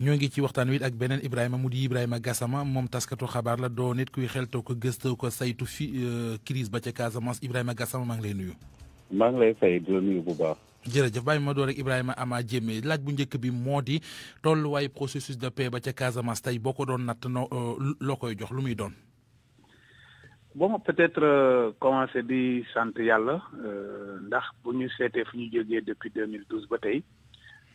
ñoo ngi ci waxtaan wi ak beneen Ibrahima mu di Ibrahima gasama moom taskatu xabaar la doo nit kuy xeltoo ko gëstoo ko saytu fi euh, crise ba ca Casamance Ibrahima gasama maa ngi lay nuyu. maa ngi lay fay di la nuyu bu baax. jërëjëf bàyyi ma door rek Ibrahima Ama Diémé laaj bu njëkk bi moo di tolluwaayu processus de paix ba ca Casamance tey boo ko doon natt noo euh, loo koy jox lu muy doon. bon peut-être euh, commencé di sant yàlla ndax bu ñu seetee fu ñu jógee depuis 2012 ba tey.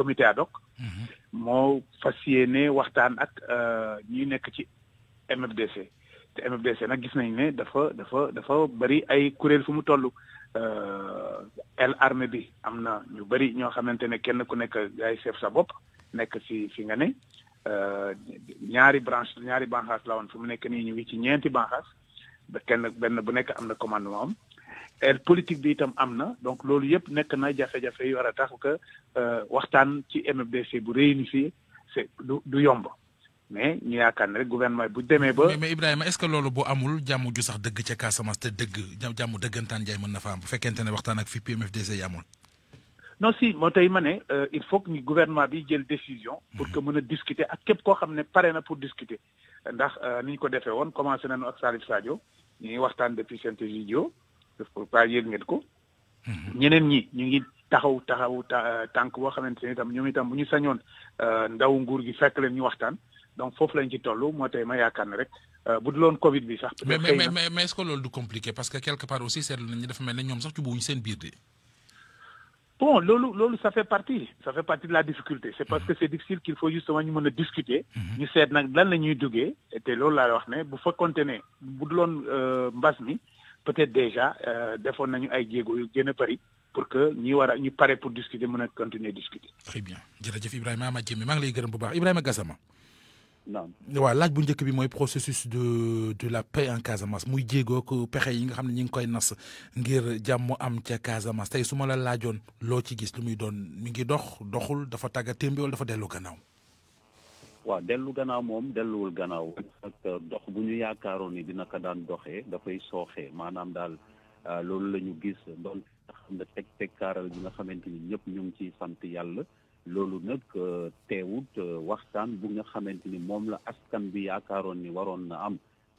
comité ad hoc mhm. moo fas yéene waxtaan ak euh, ñi nekk ci MFDC te MFDC nag gis nañ ne dafa dafa dafa bëri ay kuréel fu mu toll euh, el armée bi am na ñu bëri ñoo xamante ne kenn ku nekk ay chef sa bopp nekk fi fi nga ne euh, ñaari branche ñaari banxaas la woon fu mu nekk nii ñu ngi ci ñeenti banxaas kenn benn bu nekk am na commandement am el politique bi itam am na donc loolu yëpp nekk na jafe-jafe yi war a tax que euh, waxtaan ci MFDC bu réunifié c'est du du yomb mais ñu yaakaar ne rek gouvernement bu demee ba. mais Ibrahima est-ce que loolu bu amul jàmm ju sax dëgg ca Casamance te dëgg jàmm dëggantaan jaay mën na fa bu fekkente ne waxtaan ak fi MFDC yamul. non si moo tey ma ne euh, il faut que ni gouvernement bi jël décision. pour mhm. que mën a discuter ak képp koo xam ne pare na pour discuter. ndax euh, ni ñu ko defee woon commencé nañu ak Salif Sadio ñu ngi waxtaan depuis Saint-Egidio parce que pas yëg ngeen ko. Mhm. ñeneen ñi ñu ngi taxaw taxaw tànk boo xamante ne itam ñoom itam bu ñu sañoon euh, ndaw nguur gi fekk leen ñu waxtaan donc foofu lañ ci toll moo tey ma yaakaar ne rek euh, bu duloon Covid bi sax. mais mais mais est-ce que loolu du compliqué parce que quelque part aussi seetlu nañu dafa mel ne ñoom sax jubbuwuñu seen biir de. Bon, lolo, lolo, ça fait partie. Ça fait partie de la difficulté. C'est parce que mhm. c'est difficile qu'il faut justement nous discuter. Nous savons que nous sommes doués. Et c'est lolo la roche. Vous faut contenir. Vous devez euh, mbasmi peut-être déjà euh, defoon nañu ay jéego yu gën a bëri pour que ñi war a ñu pare pour discuter mën a continuer discuter. très bien jërëjëf Ibrahima Ama Diémé maa ngi lay gërëm bu baax Ibrahima gasama non waaw laaj bu njëkk bi mooy processus de de la paix en Casamance muy jéego ko pexe yi nga xam ne ñu ngi koy nas ngir jàmm am ca Casamance tey su ma la laajoon loo ci gis lu muy doon mi ngi dox doxul dafa tàggat témbe wala dafa dellu gannaaw. waaw dellu gannaaw moom delluwul gannaaw ak dox bu ñu yaakaaroon ni dina ko daan doxee dafay sooxee maanaam daal euh, loolu la ñu gis doon xam ne teg teg kaaral bi nga xamante ni ñëpp ñu ngi ciy sant yàlla loolu nag euh, teewut euh, waxtaan bu nga xamante ni moom la askan bi yaakaaroon ni waroon na am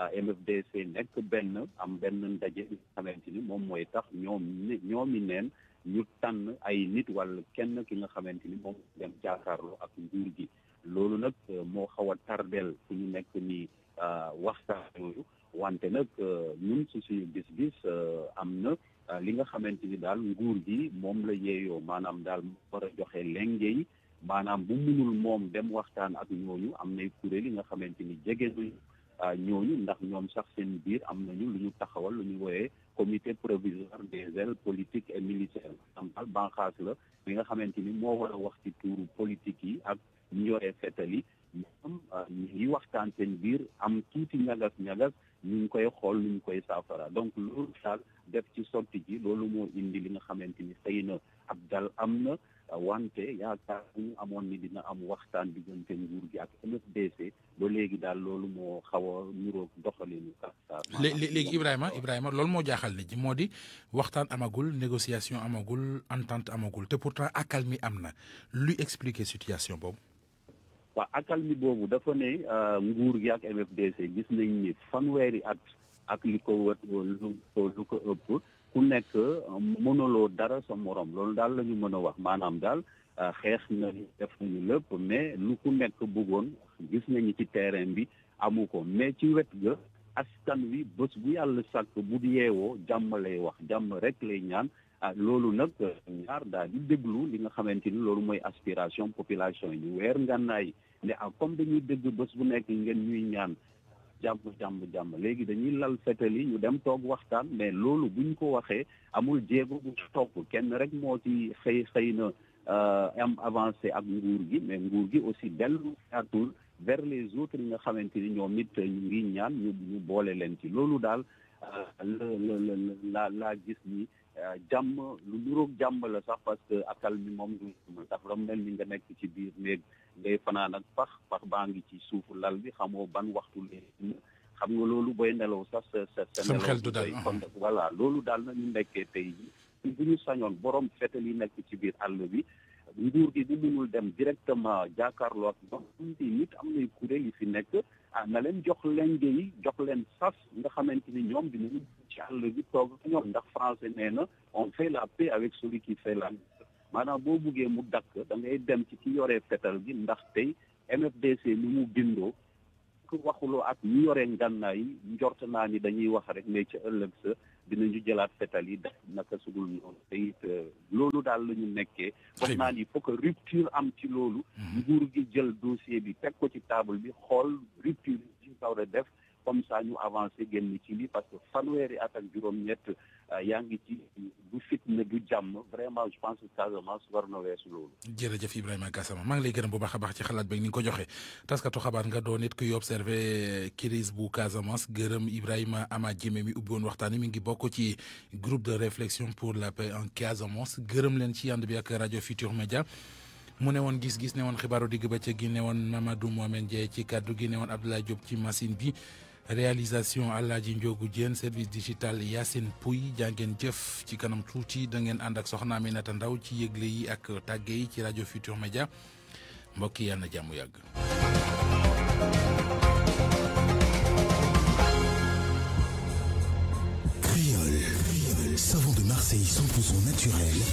Euh, MFDC nekk benn am benn ndaje bi xamante ni moom mooy tax ñoom ñoomi neen ñu tànn ay nit wala kenn ki nga xamante ni moom dem jàkkaarloo ak gi loolu nag euh, moo xaw a tardeel fu ñu nekk ni euh, waxtaan yooyu wante nag ñun ci suñu gis-gis am na li nga xamante ni daal nguur gi moom la yeeyoo maanaam daal a joxe lenge maanaam bu moom dem waxtaan ak ñooñu am nay kuréel yi nga xamante ni jege nañu ñooñu ndax ñoom sax seen biir am nañu lu ñu taxawal lu ñu wooyee comité provisoire des ailes politiques et militaires am daal banxaas la bi nga xamante ni moo war a wax ci tuuru politique yi ak ñu yoree fetal yi ñoom euh, ñu ngi waxtaan seen biir am tuuti ñagas ñagas ñu ngi koy xool ñu koy saafara donc loolu daal def ci sotti ji loolu moo indi li nga xamante ni xëy na ab dal am na wante ya ñu amoon ni dina am waxtaan diggante nguur gi ak MFDC a amagul négociation amagul entente amagul te pourtant accalmé amna. Lui expliquer situation Bob. waaw Akalmi boobu dafa ne euh, MFDC gis nañ ni fanweeri at ko ku nekk euh, mënuloo dara sa morom loolu daal la ñu mën a wax maanaam daal euh, xeex nañu def nañu lépp mais lu ku nekk bëggoon gis nañu ci terrain bi amu ko mais ci wet ga askan wi bés bu yàlla sàkk bu yeewoo jàmm lay wax jàmm rek lay ñaan ah loolu nag ñaar daal di déglu li nga xamante ni loolu mooy aspiration population yi weer ngànnaay ne ah comme dañuy dégg bés bu nekk ngeen ñuy ñaan jàmm jàmm jàmm léegi dañuy lal fetal yi ñu dem toog waxtaan mais loolu buñ ko waxee amul jéego bu topp kenn rek moo ci xëy xëy na euh, am avancé ak nguur gi mais nguur gi aussi dellu atul vers les autres yi nga xamante ni ñoom it ñu ngi ñaan ñu ñu boole leen ci loolu daal euh, la la la laa gis ni Euh, jàmm lu nuróog jàmm la sax parce que akal mi moom du ndax dafa mel ni nga nekk ci biir néeg ngay fanaan ak pax pax baa ngi ci suufu lal bi xamoo ban waxtu leen xam nga loolu booy nelaw sax sa sa sa nelaw kon voilà loolu daal na ñu nekkee tey ji bu ñu sañoon borom fetal yi nekk ci biir àll bi nguur gi bu mënul dem directement jàkkaarloo ak nit am nay kuréel yi fi nekk ah na leen jox lenge yi jox leen sas nga xamante ni ñoom dinañu ci àll bi toog ñoom ndax français nee na on fait la paix avec celui qui fait la maanaam boo buggee mu dakk da ngay dem ci ki yoree fetal gi ndax tey MFDC ni mu bindoo waxuloo ak ñu yore ngànnaay yi njort naa ni dañuy wax rek mais ci ëllëg sa dinañu jëlaat fetal yi def naka sugul noonu te it euh, loolu daal la ñu nekkee wax naa ni faut que rupture am ci loolu mhm. nguur gi jël dossier bi teg ko ci table bi xool rupture yi ci war def comme ça ñu avancer génn ci li parce que fanweeri at ak juróom-ñett euh, yaa ngi ci du fitna du jàmm vraiment je pense que Casamance war na weesu loolu. jërëjëf Ibrahima Gassama maa ngi lay gërëm bu baax a baax ci xalaat beeg ni nga ko joxe taskatu xabaar nga doon nit kuy observé crise bu Casamance gërëm Ibrahima Ama Diémé mi ubbi woon waxtaan mi ngi bokk ci groupe de réflexion pour la paix en Casamance gërëm leen ci ànd bi ak rajo Futur Media. mu ne woon gis-gis ne woon xibaaru digg bëccëg gi ne woon Mamadou Mohamed Ndiaye ci kaddu gi ne woon Abdoulaye Diop ci machine bi réalisation Alaaji Ndiogu Diène service digital Yacine Pouy jàngeen jëf ci kanam tuuti da ngeen ànd ak soxna Aminata Ndaw ci ak Futur Media mbokk yi yàlla na savon de Marseille 100% naturel.